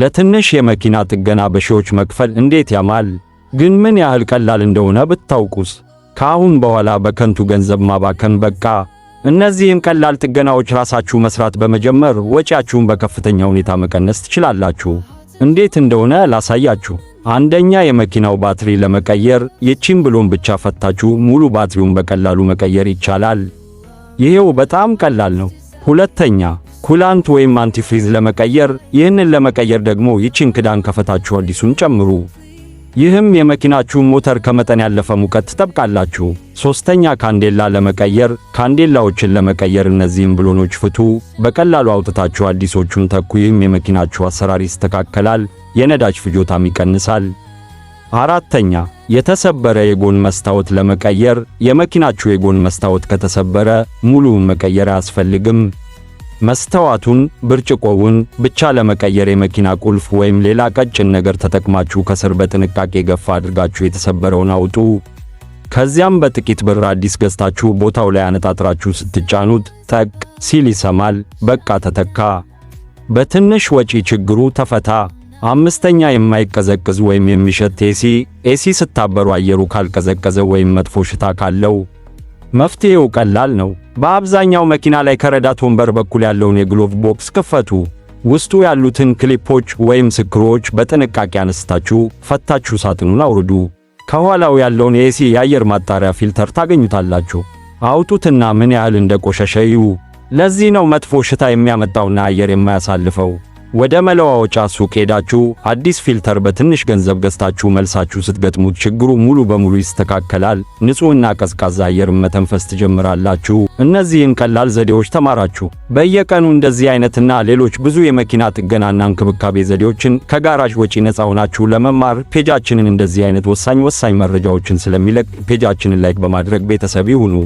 ለትንሽ የመኪና ጥገና በሺዎች መክፈል እንዴት ያማል! ግን ምን ያህል ቀላል እንደሆነ ብታውቁስ! ከአሁን በኋላ በከንቱ ገንዘብ ማባከን በቃ። እነዚህም ቀላል ጥገናዎች ራሳችሁ መስራት በመጀመር ወጪያችሁን በከፍተኛ ሁኔታ መቀነስ ትችላላችሁ። እንዴት እንደሆነ ላሳያችሁ። አንደኛ፣ የመኪናው ባትሪ ለመቀየር የቺን ብሎን ብቻ ፈታችሁ ሙሉ ባትሪውን በቀላሉ መቀየር ይቻላል። ይሄው በጣም ቀላል ነው። ሁለተኛ ኩላንት ወይም አንቲፍሪዝ ለመቀየር ይህንን ለመቀየር ደግሞ ይችን ክዳን ከፈታችሁ አዲሱን ጨምሩ። ይህም የመኪናችሁን ሞተር ከመጠን ያለፈ ሙቀት ትጠብቃላችሁ። ሶስተኛ ካንዴላ ለመቀየር ካንዴላዎችን ለመቀየር እነዚህም ብሎኖች ፍቱ። በቀላሉ አውጥታችሁ አዲሶቹን ተኩ። ይህም የመኪናችሁ አሰራር ይስተካከላል፣ የነዳጅ ፍጆታም ይቀንሳል። አራተኛ የተሰበረ የጎን መስታወት ለመቀየር የመኪናችሁ የጎን መስታወት ከተሰበረ ሙሉውን መቀየር አያስፈልግም። መስተዋቱን፣ ብርጭቆውን ብቻ ለመቀየር የመኪና ቁልፍ ወይም ሌላ ቀጭን ነገር ተጠቅማችሁ ከስር በጥንቃቄ ገፋ አድርጋችሁ የተሰበረውን አውጡ። ከዚያም በጥቂት ብር አዲስ ገዝታችሁ ቦታው ላይ አነጣጥራችሁ ስትጫኑት ጠቅ ሲል ይሰማል። በቃ ተተካ። በትንሽ ወጪ ችግሩ ተፈታ። አምስተኛ የማይቀዘቅዝ ወይም የሚሸት ኤሲ ኤሲ ስታበሩ አየሩ ካልቀዘቀዘ ወይም መጥፎ ሽታ ካለው መፍትሄው ቀላል ነው። በአብዛኛው መኪና ላይ ከረዳት ወንበር በኩል ያለውን የግሎቭ ቦክስ ክፈቱ። ውስጡ ያሉትን ክሊፖች ወይም ስክሮች በጥንቃቄ አነስታችሁ ፈታችሁ ሳጥኑን አውርዱ። ከኋላው ያለውን የኤሲ የአየር ማጣሪያ ፊልተር ታገኙታላችሁ። አውጡትና ምን ያህል እንደቆሸሸ ይዩ። ለዚህ ነው መጥፎ ሽታ የሚያመጣውና አየር የማያሳልፈው። ወደ መለዋወጫ ሱቅ ሄዳችሁ አዲስ ፊልተር በትንሽ ገንዘብ ገዝታችሁ መልሳችሁ ስትገጥሙት ችግሩ ሙሉ በሙሉ ይስተካከላል። ንጹህና ቀዝቃዛ አየር መተንፈስ ትጀምራላችሁ። እነዚህን ቀላል ዘዴዎች ተማራችሁ። በየቀኑ እንደዚህ አይነትና ሌሎች ብዙ የመኪና ጥገናና እንክብካቤ ዘዴዎችን ከጋራዥ ወጪ ነፃ ሆናችሁ ለመማር ፔጃችንን እንደዚህ አይነት ወሳኝ ወሳኝ መረጃዎችን ስለሚለቅ ፔጃችንን ላይክ በማድረግ ቤተሰብ ይሁኑ።